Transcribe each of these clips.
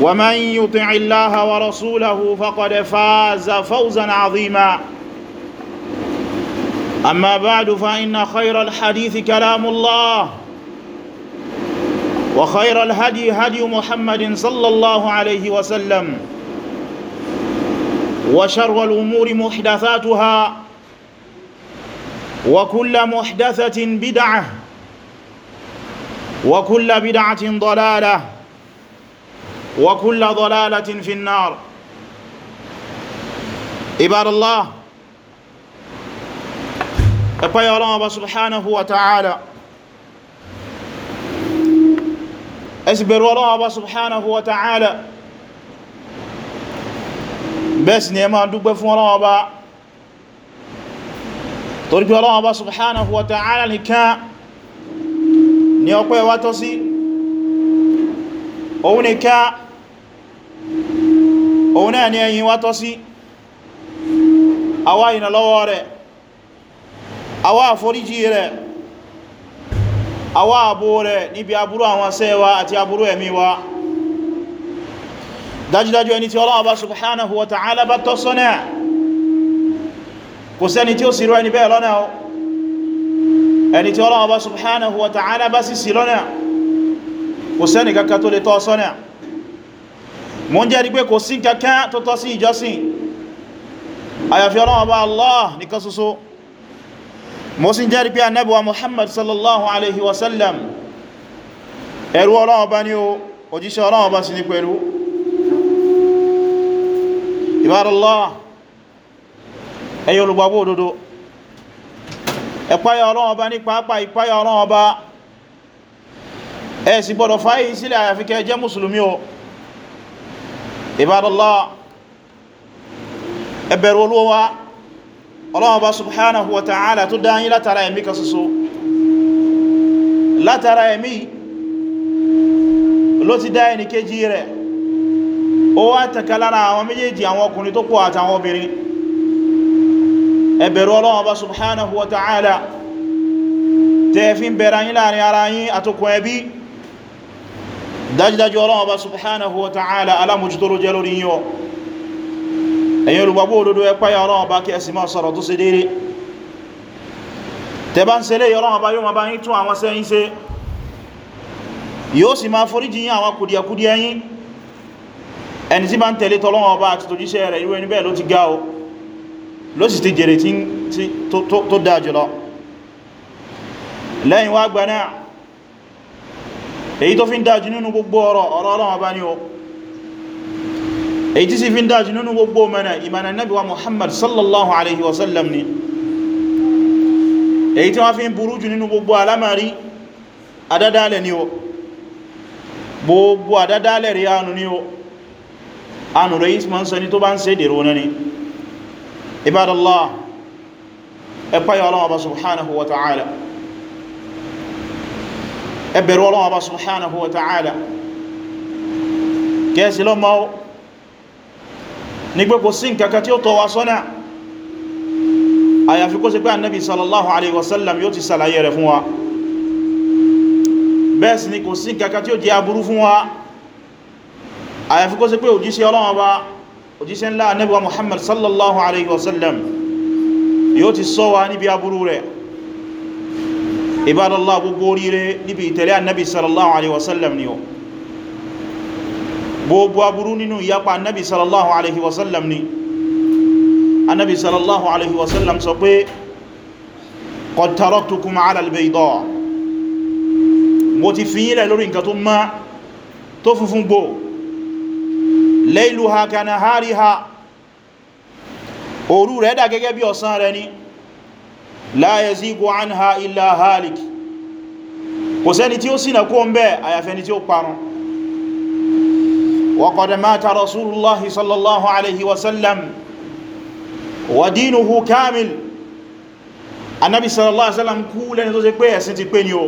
ومن يطع الله ورسوله فقد فاز فوزا عظيما أما بعد فإن خير الحديث كلام الله وخير الهدي هدي محمد صلى الله عليه وسلم وشر الأمور محدثاتها وكل محدثة بدعة وكل بدعة ضلالة وكل ضلالة في النار عباد الله أبي الله سبحانه وتعالى أسبر الله سبحانه وتعالى بس نيما دوبة فورا وبا torípé Ọlọ́hun subhanahu wa ta'ala nìkan ni ọpẹ́ wa tọ́ sí òun nìkan òun náà ni ẹ̀yìn wá tọ́ sí àwa ìnàlọ́wọ́ rẹ̀ àwa àforíjì rẹ̀ àwa àbò rẹ̀ níbi aburú àwọn sẹ́wa àti aburú ẹ̀mí wa dájúdájú ẹni tí Ọlọ́run bá subhanahu wa ta'ala bá tọ́ sọ́nà kò sẹ́ni tí ó sì rọ bẹ́ẹ̀ lọ́nà ẹni tí Ọlọ́run subhanahu wa ta'ala bá sì sí lọ́nà kò sẹ́ni kankan tó lè tọ́ sọ́nà mo ń jẹ́rí pé kò sí kankan tó tọ́ sí ìjọsìn àyàfi Ọlọ́run Ọba Allah nìkan ṣoṣo mo sì ń jẹ́rí pé Ànábì wa Muhammad sallallahu alaihi wasallam ẹrú Ọlọ́run Ọba ni o òjíṣẹ́ Ọlọ́run Ọba sì ní pẹ̀lú Ibadallah ẹ̀yin olùgbàgbọ́ òdodo ẹ̀páyà Ọlọ́run Ọba ibadallá ẹbẹ̀rù olówá ọlọ́wọ́ bá subhanahu wa ta'ala tó dáyí látara ẹ̀mí kan ṣoṣo látara ẹ̀mí ló ti dá ẹni kéjì rẹ̀ ó wá tẹ̀kẹ́ lára àwọn méjèèjì àwọn ọkùnrin tó pọ̀ àtàwọn obìnrin ẹbẹ̀rù ọlọ́wọ́ subhanahu wa ta'ala tẹ́ẹ̀fin bẹ̀rẹ̀ yí láàrin ara yí àtòkùn ẹbí dájúdájú Ọlọ́run Ọba subhanahu wa ta'ala alámójútóró jẹ́ lórí yíò ẹ̀yin olùgbàgbọ́ òdodo ẹ páyà Ọlọ́run Ọba kí ẹ sì máa sọ̀rọ̀ tó ṣe déédé tẹbá ń ṣẹlẹ̀ Ọlọ́run Ọba yóò máa bá yín tún àwọn èyí tó fi ń dájú nínú gbogbo ọ̀rọ̀ ọ̀rọ̀ Ọlọ́run bá ní o èyí tí sì fi ń dájú nínú gbogbo mẹ́nà ìmànà Nábì wa Muhammad sallallahu alaihi wasallam ni èyí tí wọ́n fi ń burú jù nínú gbogbo alamari adádálẹ̀ ni o gbogbo àdádálẹ̀ rí ánù ní o ánù rẹ̀ isman sani ń ṣe ni ibadallah ẹ̀páyà Ọlọ́run ẹ bẹ̀rù Ọlọ́run Ọba subhanahu wa ta'ala kẹsì lọ mọ́ ní pé kò sí nǹkankan tí ó tọ́ wa sọ́nà àyàfi kó sí pé annabi sallallahu alaihi wasallam yóò ti sàlàyé rẹ̀ fún wa bẹ́ẹ̀ sì ni kò sí nǹkankan tí ó jẹ́ aburú fún wa àyàfi kó sí pé òjíṣẹ́ Ọlọ́run Ọba òjíṣẹ́ ńlá annabi wa muhammad sallallahu alaihi wasallam yóò ti ṣọ́ wa níbi aburú rẹ̀ ibadallá gbogbo oríire níbi ìtẹ̀lé annabi sallallahu alaihi wasallam ni o gbogbo aburú nínú ìyapa annabi sallallahu alaihi wasallam ni annabi sallallahu alaihi wasallam sọ pé qad taraktukum ala albayda mo ti fi yílẹ̀ lórí nǹkan tó má tó funfun gbò layluha ka nahariha òru rẹ̀ dà gẹ́gẹ́ bí ọ̀sán rẹ̀ ni la yazigu anha illa halik kò sẹ́ni tí ó ṣìnà kó ń bẹ́ àyàfẹ́ni tí ó parun wa qad mata rasulullahi sallallahu alaihi wasallam wa dinuhu kamil annabi sallallahu alaihi wasallam kú lẹ́ni tó ṣe pé ẹ̀sìn ti pé ni o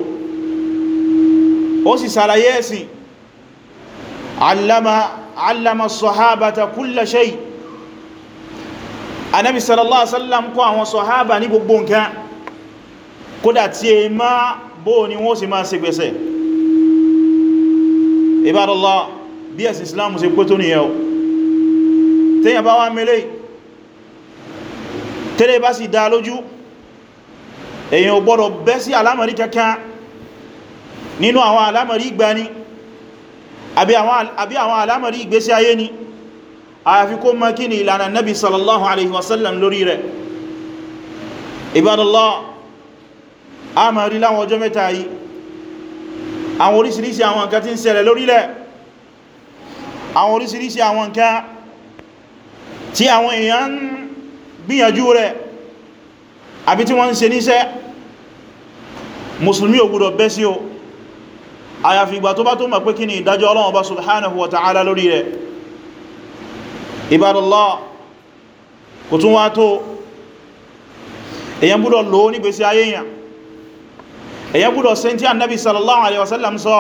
ó sì sàlàyé allama sahabata kulla shay' anábi sallallahu alaihi wasallam kọ́ àwọn sọ̀hábà ní gbogbo nǹkan kódà tí è má bó ní wọ́n sì máa ṣe gbẹ̀sẹ̀ ìbádọ́lá bí ẹ̀sìn islam ṣe pé tó nìyẹn o tẹ́yà bá wá mẹ́lẹ̀ tẹ́lẹ̀ bá sì dá lójú èyàn ò gbọ́dọ̀ bẹ́ sí alámọ̀rí kankan nínú àwọn alámọ̀rí ìgbani àbí àwọn alámọ̀rí ìgbésí ayé ni àyàfi kó mọ̀ kí ni ìlànà nabi sallallahu alaihi wasallam lórí rẹ̀ ibadallah a ma rí láwọn ọjọ́ mẹ́ta yìí àwọn orísìírísìí àwọn nǹkan tí ń ṣẹlẹ̀ lórílẹ̀ àwọn orísìírísìí àwọn nǹkan tí àwọn èèyàn gbìyànjú rẹ̀ àbí tí wọ́n ń ṣe níṣẹ́ musulmi ò gbọdọ̀ bẹ́ sí o àyàfi ìgbà tó bá tó mọ̀ pé kí ni ìdájọ́ Ọlọ́run Ọba subhanahu wa ta'ala lórí rẹ̀ ìbádọ́lá kò tún wá tó èyàn búdọ̀ lò ní gbèsè ayéyàn èyàn búdọ̀ sẹ́ tí annabi sallallahu alaihi wasallam sọ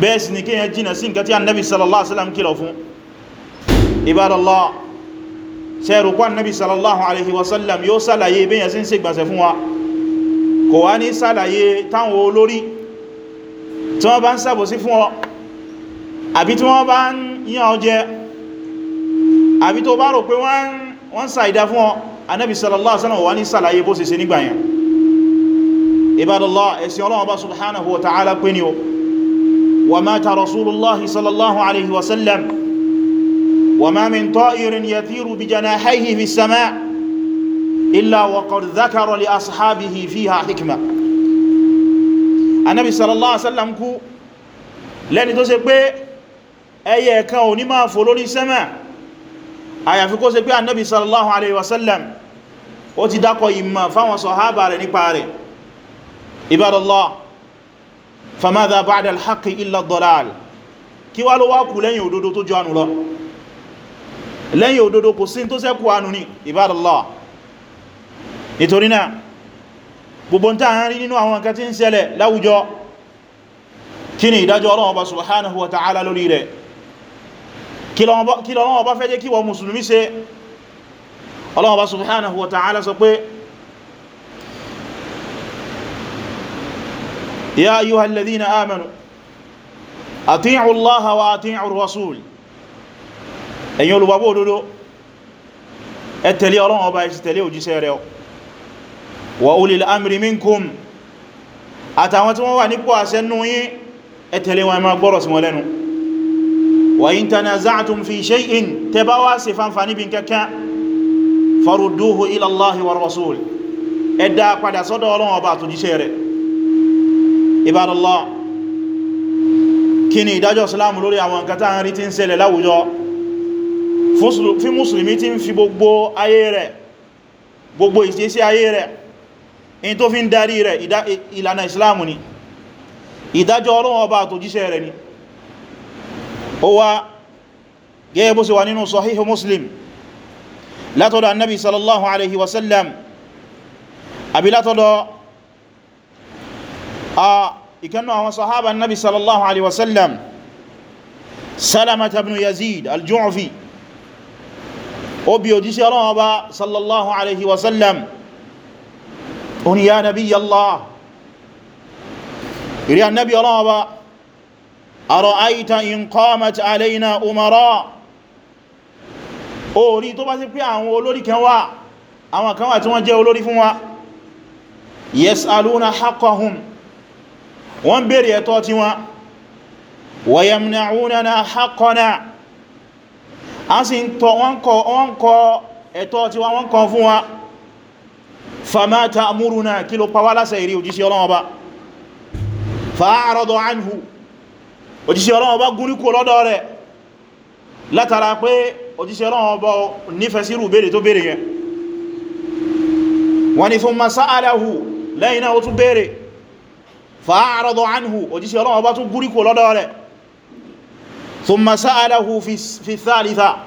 bẹ́ẹ̀ sì ni kíyàn jìnà sí nǹkan tí annabi sallallahu alaihi wasallam kìlọ̀ fún ìbádọ́lá sẹ́rù kwan nabi sallallahu alaihi wasallam yóò sàlàyé bẹ́yàn sí ń ṣe gbàsẹ̀ fún wa kò wá ní sàlàyé táwọn olórí tí wọ́n bá ń ṣàbòsí fún ọ àbí tí wọ́n bá ń yàn ọ àbí tó bá rò pé wọ́n sàìdá fún ọ anábi sallallahu alaihi wasallam wà ní sàlàyé bó ṣe ṣe nígbà yẹn ibadallah ẹ̀sìn Ọlọ́run Ọba subhanahu wa ta'ala pé ni o wa mata rasulullahi sallallahu alaihi wasallam wa ma min ta'irin yathiru bi janahihi fi sama illa wa qad dhakara li ashabihi fiha hikma àyàfi kó ṣe pé annabi sallallahu alaihi wasallam ó ti dákọ̀ ìmọ̀ fáwọn sọ̀hábà rẹ̀ nípa rẹ̀ ibadallah famadha ba'da al-haqqi illa dalal kí wá ló wá kù lẹ́yìn òdodo tó jọ anù lọ lẹ́yìn òdodo kò sí tó ṣẹ́kù anù ní ibadallah nítorí náà gbogbo ń tàà rí nínú àwọn nǹkan tí ń ṣẹlẹ̀ láwùjọ kí ni ìdájọ́ Ọlọ́run Ọba subhanahu wa ta'ala lórí rẹ̀ kí lọ́wọ́ bá fẹ́ jẹ́ kí wọ mùsùlùmí ṣe Ọlọ́hun Ọba subhanahu wa ta'ala sọ pé ya ayyuhal ladhina amanu ati'u Allaha wa ati'u ar-rasul ẹ̀yin olùgbàgbọ́ òdodo ẹ tẹ̀lé Ọlọ́hun Ọba ẹ sì tẹ̀lé òjíṣẹ́ rẹ̀ wa ulil amri minkum àtàwọn tí wọ́n wà nípò àṣẹ nú ẹ tẹ̀lé wọn ẹ gbọ́rọ̀ sí wọn lẹ́nu wa in tanaza'tum fi shay'in tẹ́ bá wá ṣe fanfa níbi kankan farudduhu ila Allahi wa rasul ẹ dá padà sọ́dọ̀ Ọlọ́run ọba àtòjíṣẹ́ rẹ̀ ibadallah kí ni ìdájọ́ islam lórí àwọn nǹkan tá ń rí tí ń ṣẹlẹ̀ láwùjọ fi musulmi tí ń fi gbogbo ayé rẹ̀ gbogbo ìṣesí ayé rẹ̀ in tó fi ń darí rẹ̀ ìlànà islam ni ìdájọ́ Ọlọ́run ọba àtòjíṣẹ́ rẹ̀ ni ó wá gẹ́gẹ́ bó ṣe wà nínú sahihu muslim látọ̀dọ̀ annabi sallallahu alaihi wasallam àbí látọ̀dọ̀ a ìkannu àwọn sahaba annabi sallallahu alaihi wasallam salamata ibn yazid al-ju'fi ó bi òjíṣẹ́ ọlọ́wọ́ bá sallallahu alaihi wasallam ó nabi allah ìrí annabi ọlọ́wọ́ bá أرأيت إن قامت علينا أمراء orí tó bá ṣe pé àwọn olórí kan wà àwọn kan wà tí wọ́n jẹ́ olórí fún wa yas'aluna haqqahum wọ́n bèèrè ẹ̀tọ́ tí wọ́n wa yamna'unana haqqana a sì ń tọ́ wọ́n kọ ẹ̀tọ́ tí wọ́n kọ fún wa fama ta'muruna kí ló pa ìrí òjíṣẹ́ Ọlọ́run Ọba fa'aradu anhu òjíṣẹ́ Ọlọ́run bá gúnrí kú lọ́dọ̀ rẹ̀ látara pé òjíṣẹ́ Ọlọ́run bá nífẹ̀ẹ́ sírù béèrè tó béèrè yẹn wọ́n ni fún masá aláhù lẹ́yìn náà ó tún béèrè fa'arọ́dọ̀ anhu òjíṣẹ́ Ọlọ́run bá tún gúnrí kú lọ́dọ̀ rẹ̀ fún masá aláhù fi thalitha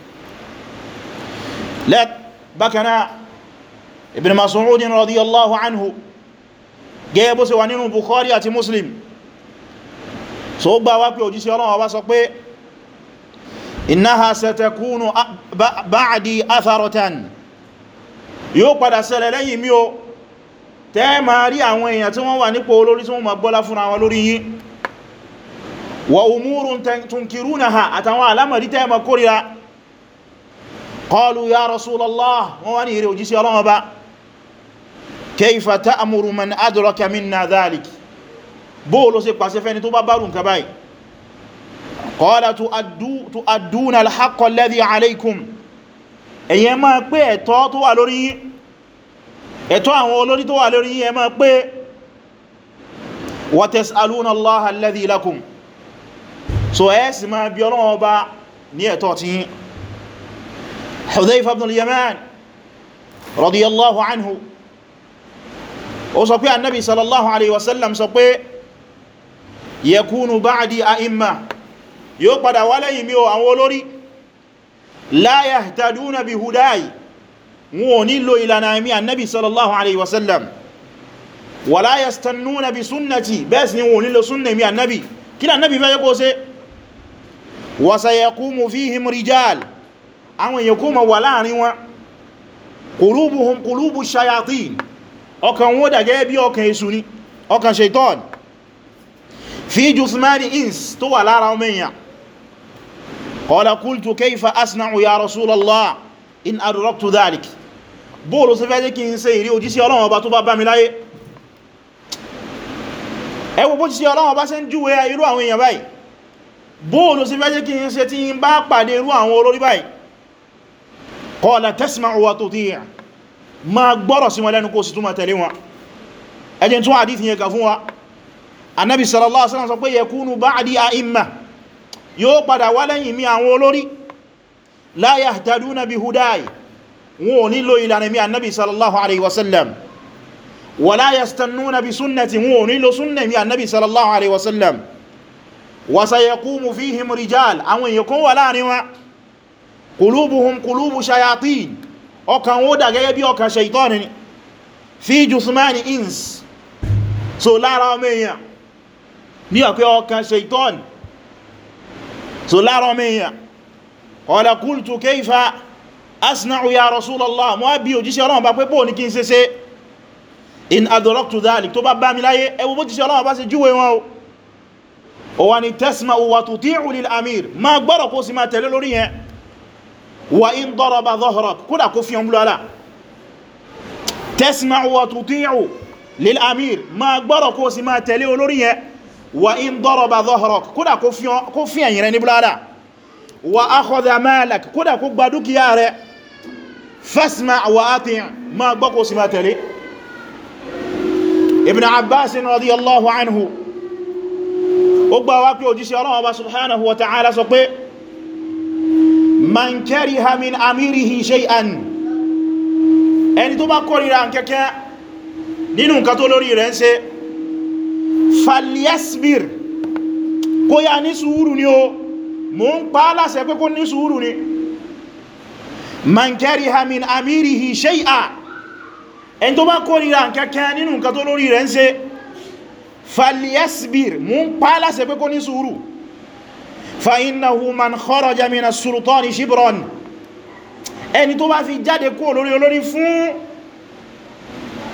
lẹ́t bákanáà ibn Mas'ud radiyallahu anhu gẹ́gẹ́ bó ṣe wà nínú Bukhari àti Muslim so gbá wá pé òjíṣẹ́ Ọlọ́run wá sọ pé innaha satakunu ba'di atharatan yóò padà ṣẹlẹ̀ lẹ́yìn mi o tẹ́ ma rí àwọn èèyàn tí wọ́n wà nípò olórí tí wọ́n ma gbọ́lá fún àwọn lórí yín wa umurun tunkirunaha àtàwọn alamari tẹ́ ma kórìíra qalu ya rasulallah wọ́n wá ní ìrẹ òjísí ọlọ́wọ́ bá kayfa ta'muru man adraka minna dhalik bó ló ṣe pàṣẹ fẹ́ni tó bá bárùn ka báyìí qala tu'adduna al-haqqa alladhi alaykum ẹ̀yin máa pé ẹ̀tọ́ tó wà lórí yín ẹ̀tọ́ àwọn olórí tó wà lórí yín ẹ máa pé wa tas'aluna allaha alladhi lakum so ẹ sì máa bi Ọlọ́run Ọba ní ẹ̀tọ́ ti yín Hudhayfa ibn al-Yaman radiyallahu anhu ó sọ pé annabi sallallahu alaihi wasallam sọ pé yakunu ba'di a'imma yóò padà wá lẹ́yìn mi o àwọn olórí la yahtaduna bi hudayi wọn ò ní lo ìlànà mi annabi sallallahu alaihi wasallam wala yastannuna bi sunnati bẹ́ẹ̀ sì ni wọn ò ní lo sunna mi annabi kí ni annabi fẹ́ yẹ kó ṣe wa sayaqumu fihim rijal àwọn èèyàn kó ma wà láàrin wọn kùlúbùhùn kùlúbù shayatin ọkàn wọn dà bí ọkàn ni ọkàn shaitan fi ins tó wà lára ọmọ èèyàn asna'u ya rasulallah in adraktu dalek bóòlù sí fẹ́ kí n ṣe ìrí òjísí ọlọ́run ọba tó bá bá mi láyé ẹwọ bó jísí ń irú àwọn èèyàn báyìí bóòlù sí kí n tí bá pàdé irú àwọn olórí báyìí qala tasma'u wa tuti' ma gbọ́rọ̀ sí wọn lẹ́nu kó sì túnmà tẹ̀lé wọn ẹjẹ́ tún hadith yẹn ka fún wa annabi sallallahu alaihi wasallam sọ pé yakunu ba'di a'imma yóò padà wá lẹ́yìn mi àwọn olórí la yahtaduna bi hudai wọn ò nílò ìlànà mi annabi sallallahu alaihi wasallam wa la yastannuna bi sunnati wọn ò fihim rijal àwọn èèyàn kan wà láàrin wọn kùlúbùhùn kùlúbù shayatin ọkàn wó dà gẹ́gẹ́ bí ọkàn ṣaitọ́ni ni fi jùsùmáni ins so lára ọmọ èèyàn ní ọ̀pẹ́ ọkàn ṣaitọ́ni so lára ọmọ èèyàn qala qultu kayfa asna'u ya rasulallah mo bi òjíṣẹ́ Ọlọ́run bá pé bó ní kí n ṣe ṣe in adraktu dhalik tó bá bá mi láyé ẹwọ bó jíṣẹ́ Ọlọ́run bá ṣe júwe wọn o wà ní tasma'u wa tuti'u lil amir ma gbọ́rọ̀ kó sì ma tẹ̀lé lórí yẹn wa in daraba dhahrak kódà kó fi ọmọ lọ́la tasma'u wa tuti'u lil amir ma gbọ́rọ̀ kó sì máa tẹ̀lé olórí yẹn wa in daraba dhahrak kódà kó fi ẹ̀yìn rẹ̀ ní lọ́la wa akhadha malak kódà kó gba dúkìá rẹ̀ fasma' wa ati' ma man kariha min amirihi shay'an ẹni tó bá kórìíra kẹ́kẹ́ nínú nǹkan tó lórí rẹ̀ ń ṣe falyasbir kó yá ní sùúrù ni o mò ń pa á láṣẹ pé kó ní sùúrù ni man kariha min amirihi shay'an ẹni tó bá kórìíra kẹ́kẹ́ nínú nǹkan tó lórí rẹ̀ ń ṣe falyasbir mò ń pa á pé kó ní sùúrù فإنه من خرج من السلطان شبرا ẹni tó bá fi jáde kúrò lórí olórí fún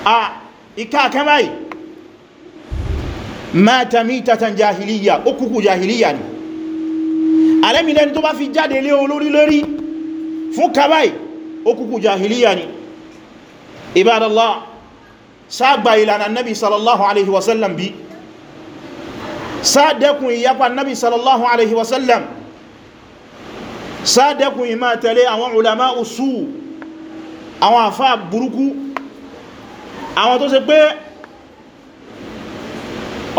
à ìká kan báyìí mata mitatan jahiliya ó kúkú jahiliya ni alẹ́mìlẹ́ni tó bá fi jáde lé olórí lórí fún ká báyìí jahiliya ni ibadallah sáàgbà ìlànà nabi sallallahu alaihi wasallam bíi sáàdẹ́kùn ìyapa nabi sallallahu alaihi wasallam sáàdẹ́kùn ìmá tẹ̀lé àwọn ulama usu àwọn àfá burúkú àwọn tó ṣe pé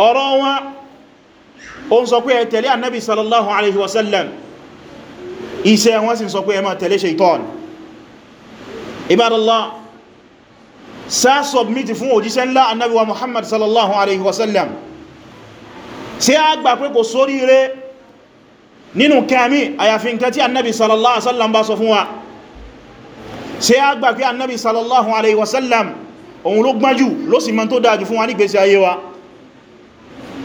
ọ̀rọ̀ wọn o ń sọ pé ẹ tẹ̀lé annabi sallallahu alaihi wasallam iṣẹ́ wọn sì sọ pé ẹ má tẹ̀lé shaitan ibadallah sáà submit fún òjíṣẹ́ ńlá annabi wa muhammad sallallahu alaihi wasallam ṣé a gbà pé kò sórí rẹ nínú kẹmí àyàfi nǹkan tí annabi sallallahu alaihi wasallam bá sọ fún wa ṣé a gbà pé annabi sallallahu alaihi wasallam òun ló gbájú ló sì mọ́ tó dájú fún wa ní gbèsè ayé wa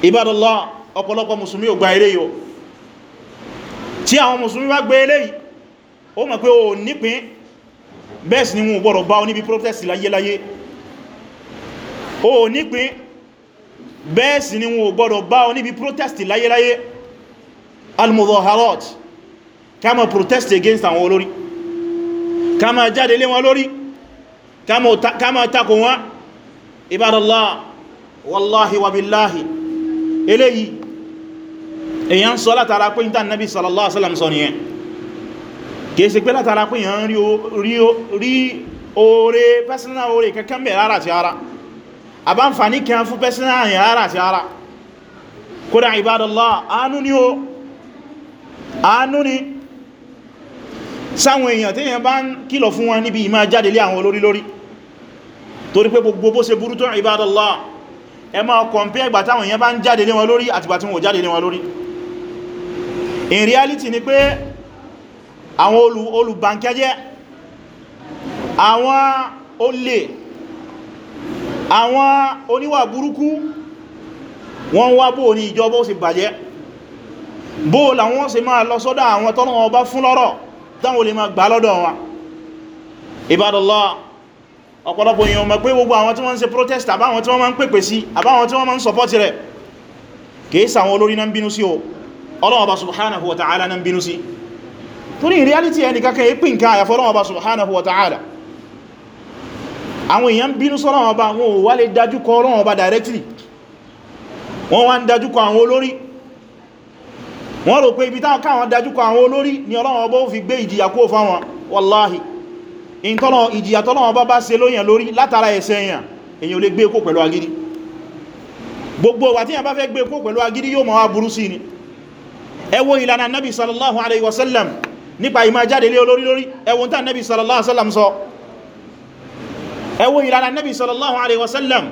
ibadallah ọ̀pọ̀lọpọ̀ musulmi ò gba ilé yóò tí àwọn musulmi bá gbé ilé yìí ó bẹ́ẹ̀ sì ni wọn ò gbọ́dọ̀ bá ọ níbi protest láyéláyé al-mudaharat ká má protest against àwọn olórí ká má jáde lé wọn lórí ká má takò wọn ibadallah wallahi wa billahi eléyìí èyàn sọ látara pé ìta nabi sallallahu alaihi wasallam sọ nìyẹn kìí ṣe pé látara pé èyàn rí oore personal oore kankan bẹ̀ rárá ti ara àbáǹfàní kẹran fún pẹ́sínà àyìn ara àti ara kódà ìbádọ́lá àánú ni ó àánú ni sáwọn èèyàn tí èèyàn bá ń kìlọ̀ fún wọn níbi ìmá jáde lé àwọn olórí lórí torí pé gbogbo bó ṣe burú tó ìbádọ́lá ẹ máa kọ̀mpẹ́ ìgbà táwọn èèyàn bá ń jáde lé wọn lórí àtìgbà tí wọ́n jáde lé wọn lórí in reality ni pé àwọn olùbànkẹ́jẹ́ àwọn olè àwọn oníwà burúkú wọ́n wá bóò ní ìjọba ó sì bàjẹ́ bóò làwọn sì máa lọ sọ́dọ̀ àwọn tọ́nà ọba fún lọ́rọ̀ táwọn olè máa gbà lọ́dọ̀ wọn Ibadallah ọ̀pọ̀lọpọ̀ èèyàn mọ̀ pé gbogbo àwọn tí wọ́n ń ṣe protest àbáwọn tí wọ́n máa ń pèpè sí àbáwọn tí wọ́n máa ń support wa ta'ala náà ń bínú sí torí in reality ẹnìkankan èé pín nǹkan àyàfọ́ Ọlọ́run Ọba wa ta'ala àwọn èèyàn bínú sọ́lọ́wọ́n ọba wọn ò wá lè dájúkọ ọlọ́wọ́n ọba directly wọ́n wá ń dájúkọ àwọn olórí wọ́n rò pé ibi táwọn káwọn dájúkọ àwọn olórí ni ọlọ́wọ́n ọba ó fi gbé ìjìyà kó fáwọn wallahi ìjìyà tọ́lọ́wọ́n ọba bá ṣe lóyìn lórí látara ẹ̀ṣẹ̀ èèyàn èèyàn ò lè gbé e kó pẹ̀lú agídí gbogbo wà tí yàn bá fẹ́ gbé e kó pẹ̀lú agídí yóò máa wá burú sí ni ẹ ìlànà nabi sallallahu alaihi wasallam nípa ìmá jáde lé olórí lórí ẹ ń tàn nabi sallallahu alaihi wasallam sọ ẹ wo ìlànà Nabi sallallahu alaihi wasallam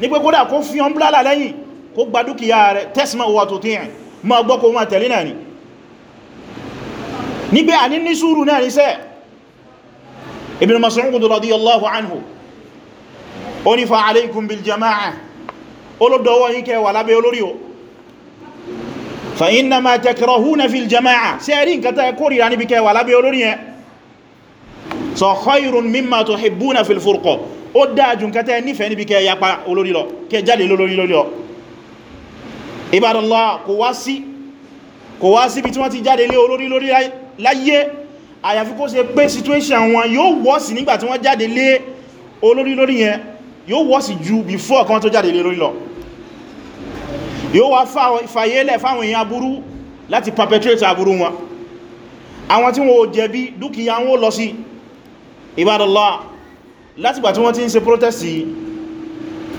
ní pé kódà kó fi ọmbrálà lẹ́yìn kó gba dúkìá rẹ̀ tẹ́sìmọ̀ wà tó tíyàn ma gbọ́ kó máa tẹ̀lé náà ni ní pé àní ní sùúrù náà ní sẹ́ Ibn Mas'ud radiyallahu anhu ó ní fa alaykum bil jama'a olódọwọ́ yí kẹwà so khairun mimma tuhibbuna fil furqa ó dájú nǹkan tẹ́ nífẹ̀ẹ́ níbi kẹ yapa olórí lọ kẹ jáde lórí lórí lọ ibadallah kò wá sí kò wá síbi tí wọ́n ti jáde lé olórí lórí láyé àyàfi kó ṣe pé situation wọn yóò wọ́sì nígbà tí wọ́n jáde lé olórí lórí yẹn yóò wọ́sì ju before kan tó jáde lé lórí lọ yóò wá fàyẹ́lẹ̀ fáwọn èèyàn aburú láti perpetrate aburú wọn àwọn tí wọn ò jẹ̀bi dúkìá wọn lọ sí Ibadallah látìgbà tí wọ́n ti ń se protest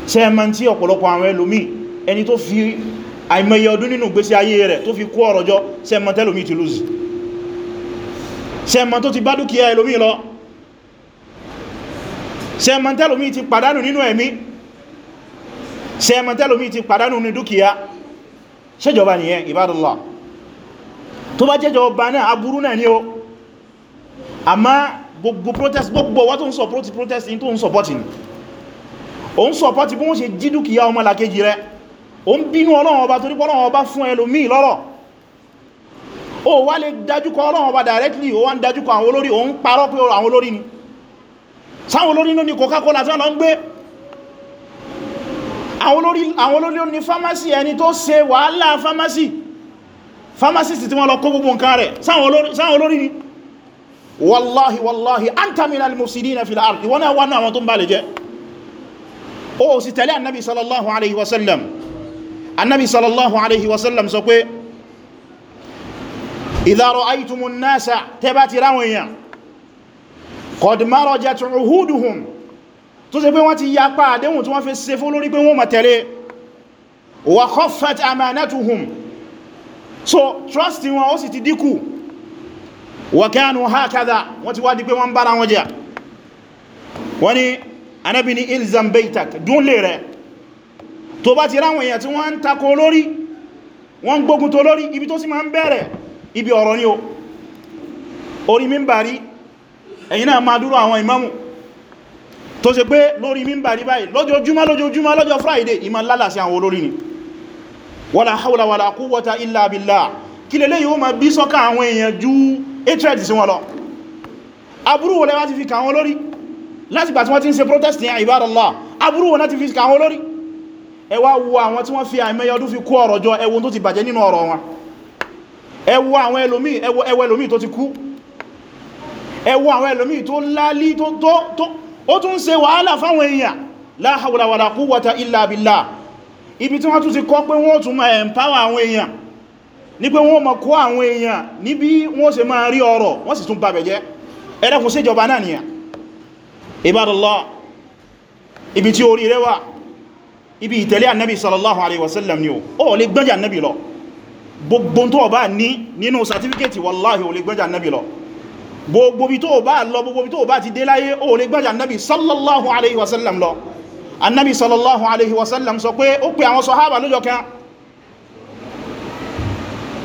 ṣe ẹmọ tí ọ̀pọ̀lọpọ̀ àwọn ẹlòmí ẹni tó fi àìmọye ọdún nínú gbésí ayé rẹ̀ tó fi kó ọ̀rọ̀ jọ ṣe ẹmọ tẹ́lòmí ti lùzì ṣe ẹmọ tó ti bá dúkìá ẹlòmí lọ ṣe ẹmọ tẹ́lòmí ti pàdánù nínú ẹ̀mí ṣe ẹmọ tẹ́lòmí ti pàdánù ní dúkìá ṣèjọba nìyẹn Ibadallah tó bá jẹ́jọba náà aburú náà ni ó àmá gbogbo protest gbogbo wọ́n tó ń support protest in tó ń support ni o ń support bí wọ́n ṣe jí dúkìá ọmọ làkejì rẹ̀ o ń bínú ọlọ́run ọba torí pọ́lọ́run ọba fún ẹlòmíì lọ́rọ̀ o wá lè dájúkọ ọlọ́run ọba directly o wá ń dájúkọ àwọn olórí o ń parọ́ pé àwọn olórí ni sáwọn olórí ló ní Coca-Cola tí wọ́n lọ ń gbé àwọn olórí ló ní pharmacy ẹni tó ṣe wàhálà pharmacy pharmacy tí wọ́n lọ kó gbogbo nǹkan rẹ̀ sáwọn olórí ni wallahi wallahi anta minal mufsidina fil ard wọ́n náà wà náà wọn tó ń bá lè jẹ́ ó sì tẹ̀lé annabi sallallahu alaihi wasallam annabi sallallahu alaihi wasallam sọ pé idha ra'aytumun nasa tẹ́bá ti ráwọn èèyàn qad marajat uhuduhum tó ṣe pé wọ́n ti ya pa àdéhùn tí wọ́n fi ṣe fún lórí pé wọ́n máa tẹ̀lé wa khaffat amanatuhum so trust wọn ó sì ti dínkù wakanu hakada wọ́n ti wá di pé wọ́n bára wọn jẹ́ wọ́n ni anábi ni ilzam baitak dúnlé rẹ̀ tó bá ti ráwọn èèyàn tí wọ́n ń takò lórí wọ́n gbógun tó lórí ibi tó sì máa ń bẹ̀rẹ̀ ibi ọ̀rọ̀ ni o orí mímbàrí ẹ̀yìn náà máa dúró àwọn imamu tó ṣe pé lórí mímbàrí báyìí lójoojúmọ́ lọ́jọ́ friday kí lè lè ma bí sọ́kà àwọn èèyàn jù hatred sí wọn lọ aburú wọlé wá ti fi kà wọn lórí láti gbà tí wọ́n ti ń ṣe protest ní ibadallah aburú wọn láti fi kà wọn lórí ẹ wá wo àwọn tí wọ́n fi àìmẹ́yẹ ọdún fi kó ọ̀rọ̀ jọ ẹ tó ti bàjẹ́ nínú ọ̀rọ̀ wọn ẹ àwọn ẹlòmíì tó ti kú ẹ àwọn ní pé wọ́n mọ̀ kó àwọn èèyàn níbi wọ́n ṣe máa rí ọrọ̀ wọ́n sì tún bàbẹ̀ jẹ́ ẹ̀rẹ́kùn sí ìjọba náà nìyà ibadallah ibi tí orí rẹ̀ wà ibi ìtẹ̀lé annabi sallallahu alaihi wasallam ni o ò lè gbọ́njà annabi lọ gbogbo tó bá ní nínú certificate wallahi ò lè gbọ́njà annabi lọ gbogbo bí tó bá lọ gbogbo bí tó bá ti dé láyé ò lè gbọ́njà annabi sallallahu alaihi wasallam lọ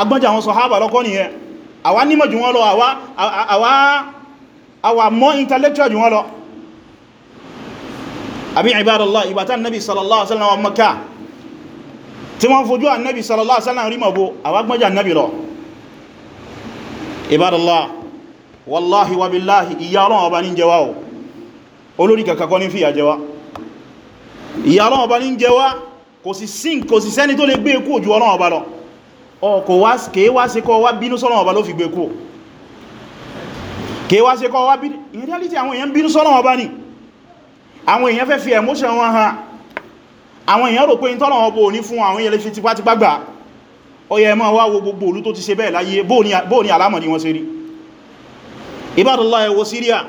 agbọ́njà àwọn sọ̀hábà lọ́kọ́ nìyẹn àwa nímọ̀ jù wọ́n lọ àwa mọ́ intellectual jù wọ́n lọ àbí ìbádọ́lá ìbátá nabi sallallahu alaihi wasallam Makkah tí wọ́n fojú sallallahu alaihi wasallam rí mọ̀bó àwa gbọ́njà annabi lọ ìbádọ́lá wallahi wa billahi ìyà Ọlọ́run ọba ní jẹwa o olórí kàkàkọ́ ní fìyà jẹwa ìyà Ọlọ́run ọba ní jẹwa kò sì sín kò sì sẹ́ni tó lè gbé ikú e òjú Ọlọ́run ọba lọ ọkọ̀ kèé wá sí kọ́ wá bínú sọ́lọ́wọ́ ọba ló fi gbé kú kèé wá sí kọ́ wá bínú in reality àwọn èèyàn bínú sọ́lọ́wọ́ ọba ni àwọn èèyàn fẹ́ fi emotion wọn ha àwọn èèyàn rò pé ìtọ́lọ̀wọ́ bò ní fún àwọn èèyàn fi tipátipá gbà ọyẹ ẹmọ́ wá wo gbogbo olú tó ti ṣe bẹ́ẹ̀ láyé ibadallah ẹ wò Syria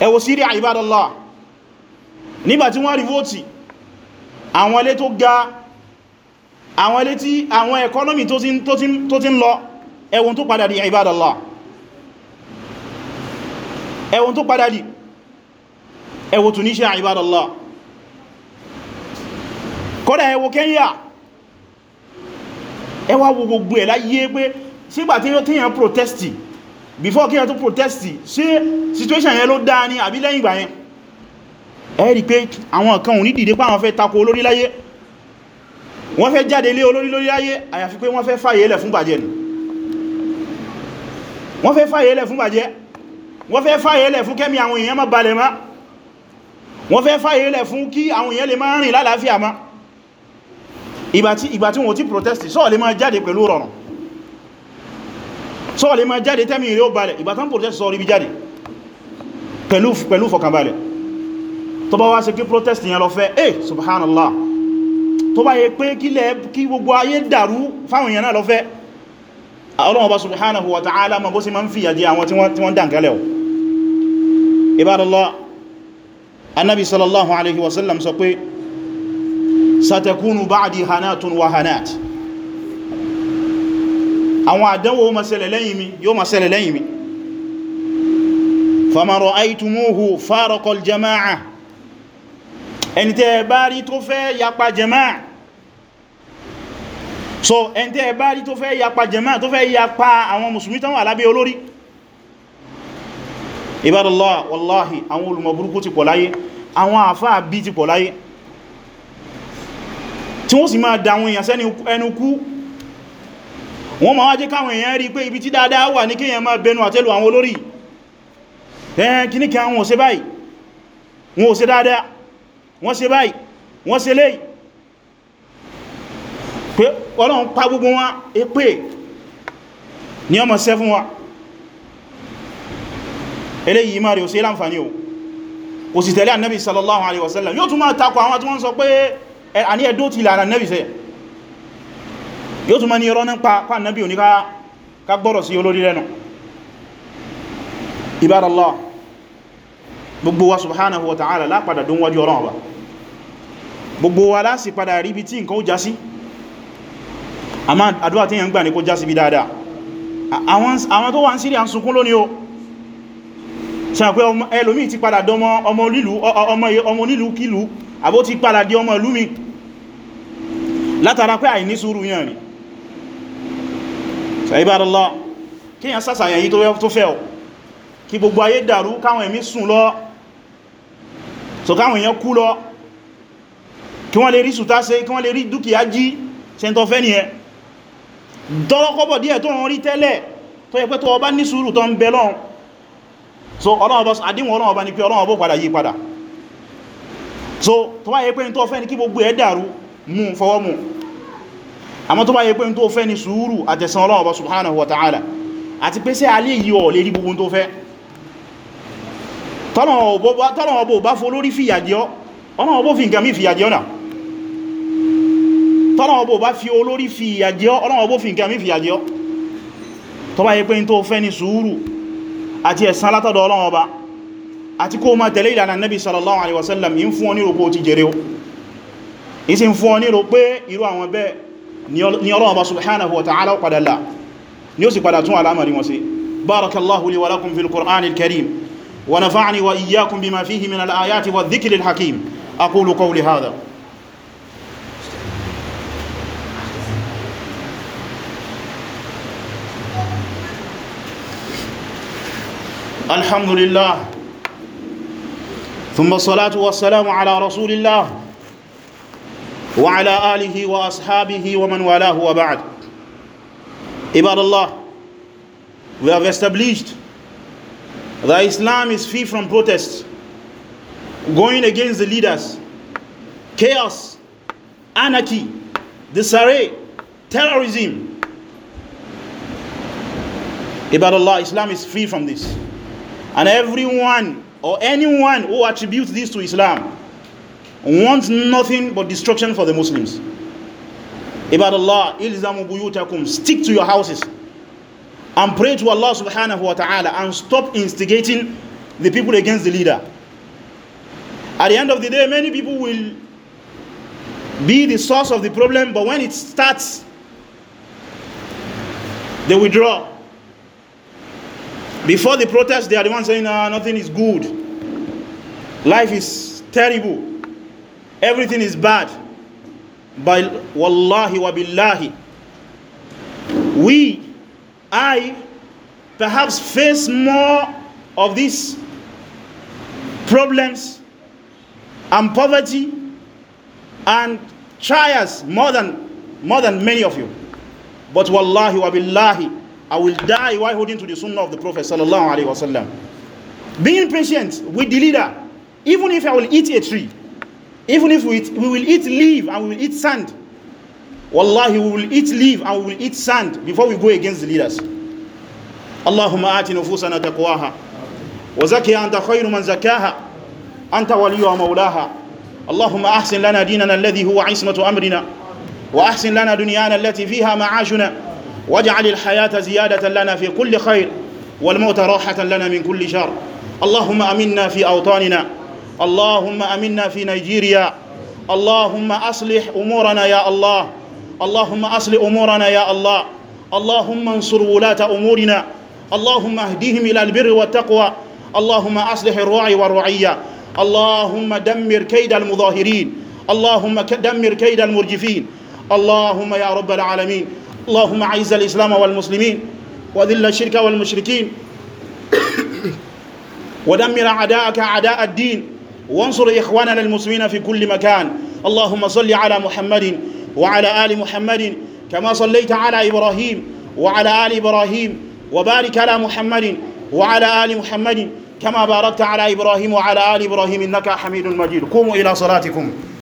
ẹ wò Syria ibadallah nígbàtí wọ́n rí vóòtì àwọn ilé tó ga àwọn ilé tí àwọn ẹkọ́nọ́mì tó ti ń lọ ẹwùn tó padà di ibadallah ẹwùn tó padà di ẹwùn Tunisia ibadallah kọ́dà ẹwùn Kenya ẹwà wo gbogbo ẹ̀ láyé pé sígbà tí yàn protesti before kí yàn tó protesti ṣe situation yẹn ló dáa ní àbí lẹ́yìn yẹn ẹ rí pé àwọn kan ò ní dìde pé fẹ́ tako olórí láyé wọ́n fẹ́ jáde lé olórí lórí ayé àyàfi pé wọ́n fẹ́ fàyẹ̀lẹ̀ fún bàjẹ́ ni wọ́n fẹ́ fàyẹ̀lẹ̀ fún bàjẹ́ wọ́n fẹ́ fàyẹ̀lẹ̀ fún kẹ́mí àwọn èèyàn má balẹ̀ má wọ́n fẹ́ fàyẹ̀lẹ̀ fún kí àwọn èèyàn lè máa rìn lálàáfíà má ìgbà tí ìgbà tí wọ́n ti protesti sọ́ọ̀ lè máa jáde pẹ̀lú rọrùn sọ́ọ̀ lè máa jáde tẹ́mì rẹ̀ ó balẹ̀ ìgbà tán protest sọ́ọ̀ rí bí jáde pẹ̀lú tó bá yẹ pé kílẹ̀ kí gbogbo ayé dàrú fáwọn èèyàn náà lọ fẹ́ Ọlọ́run Ọba subhanahu wa ta'ala ma bó sí ma ń fìyà jẹ àwọn tí wọ́n dànkálẹ̀ o ibadallah annabi sallallahu alaihi wasallam sọ pé satakunu ba'di hanatun wa hanat àwọn àdánwò ma ṣẹlẹ̀ lẹ́yìn mi yóò ma ṣẹlẹ̀ lẹ́yìn mi faman ra'aytumuhu ẹni tẹ́ bá rí tó fẹ́ yapa jama'a so ẹn tẹ́ bá rí tó fẹ́ yapa jẹma tó fẹ́ yapa àwọn musulmi tán wà lábẹ́ olórí ibadallah wallahi àwọn olùmọ̀ burúkú ti pọ̀ láyé àwọn àfáà bí ti pọ̀ láyé tí wọ́n sì máa dáwọn èèyàn sẹ́ni ẹnu kú wọ́n máa wájé káwọn èèyàn rí pé ibi tí dáadáa wà ní kíyàn máa bẹnu àtẹ́lù àwọn olórí ẹn kìníkà wọn ò báyìí wọn ò dáadáa wọ́n ṣe báyìí wọ́n ṣe léyìí pé ọlọ́run pa gbogbo wọn èpè ní ọmọ sẹ́ fún wa eléyìí máa rí ò sí láǹfàní o kò sì tẹ̀lé annabi sallallahu alaihi wasallam yóò tún máa takọ àwọn tí wọ́n sọ pé àní ẹ̀dọ́ ti lára annabi sẹ́ yóò tún máa ní ọ̀rọ̀ nípa pa annabi ò ní ká gbọ́rọ̀ sí olórí lẹ́nu ibadallah gbogbo wa subhanahu wa ta'ala lápadà dún wájú ọ̀rọ̀ ọba gbogbo àmá àdúwà tí yẹn ń gbà ní kó já sí bí dáadáa àwọn tó wà ń sírí à ń sunkún lónìí o ṣàpẹ́ ẹlòmí ti padà dọmọ ọmọ onílù kílù àbó ti padà di ọmọ ìlú mi látara pé àìní sùúrù yàn ni sàíbàrálá kíyàn sásàyàn yí tó fẹ́ ọ kí gbogbo ayé dàrú káwọn ẹ̀mí sùn lọ so káwọn èèyàn kú lọ kí wọ́n lè rí sùtá ṣe kí wọ́n lè rí dúkìá jí ṣe ń tọ́fẹ́ nìyẹn dọ́rọ́kọ́bọ̀ díẹ̀ tó ń rí tẹ́lẹ̀ tó yẹ pé tó ọba ní sùúrù tó ń bẹ lọ́n so àdíwọ̀n ọlọ́wọ́ bá ní pé ọlọ́wọ́ bó padà yí padà so tó bá yẹ pé tó fẹ́ ní kí gbogbo ẹ̀ dàrú mú fọwọ́ mú àmọ́ tó bá yẹ pé tó fẹ́ ní sùúrù àtẹ̀sán ọlọ́wọ́ subhanahu wa ta'ala àti pé sẹ́ alé yìí ọ̀ lè rí gbogbo tó fẹ́ tọ́lọ̀ ọ̀bọ̀ bá fọ́ lórí fìyàjẹ́ ọ́ ọlọ́wọ́ bó fi nǹkan mí fìyàjẹ́ náà tọ́lọ́wọ́ bó bá fi olórí fi ìyàjẹ́ ọlọ́wọ́ bó fi nǹkan mí fi ìyàjẹ́ tó bá yẹ pé tó fẹ́ ní sùúrù àti ẹ̀san látọ̀dọ̀ ọlọ́wọ́ bá àti kó máa tẹ̀lé ìlànà Nabi sallallahu alaihi wasallam yí ń fún ọ ní ròpó ti jẹrẹ o ìsì ń fún ọ ní ròpé irú àwọn bẹ́ẹ̀ ni ọlọ́wọ́ bá subhanahu wa ta'ala padà là ni ó sì الحمد لله ثم الصلاة والسلام على رسول الله وعلى آله وأصحابه ومن والاه وبعد عباد Allah we have established that Islam is free from protest going against the leaders chaos anarchy disarray terrorism Ibadallah, Islam is free from this. and everyone or anyone who attributes this to Islam wants nothing but destruction for the Muslims about Allah ilzamu buyutakum stick to your houses and pray to Allah subhanahu wa ta'ala and stop instigating the people against the leader at the end of the day many people will be the source of the problem but when it starts they withdraw Before the protest, they are the ones saying, ah, nothing is good. Life is terrible. Everything is bad. By wallahi wa billahi. We, I, perhaps face more of these problems and poverty and trials more than, more than many of you. But wallahi wa billahi I will die while holding to the sunnah of the Prophet sallallahu alaihi wasallam. Being patient with the leader, even if I will eat a tree, even if we, we will eat leaf and we will eat sand, wallahi we will eat leaf and we will eat sand before we go against the leaders. Allahumma ati nufusana taqwaha wa wazaki anta khayru man zakaha, anta waliyuha maulaha. Allahumma ahsin lana dinana alladhi huwa ismatu amrina wa ahsin lana dunyana allati fiha ma'ashuna واجعل الحياة زيادة لنا في كل خير والموت راحة لنا من كل شر اللهم أمنا في أوطاننا اللهم أمنا في نيجيريا اللهم أصلح أمورنا يا الله اللهم أصلح أمورنا يا الله اللهم انصر ولاة أمورنا اللهم اهديهم إلى البر والتقوى اللهم أصلح الرعي والرعية اللهم دمر كيد المظاهرين اللهم دمر كيد المرجفين اللهم يا رب العالمين اللهم اعز الاسلام والمسلمين وذل الشرك والمشركين ودمر اعداءك اعداء الدين وانصر اخواننا المسلمين في كل مكان اللهم صل على محمد وعلى ال محمد كما صليت على ابراهيم وعلى ال ابراهيم وبارك على محمد وعلى ال محمد كما باركت على ابراهيم وعلى ال ابراهيم انك حميد مجيد قوموا الى صلاتكم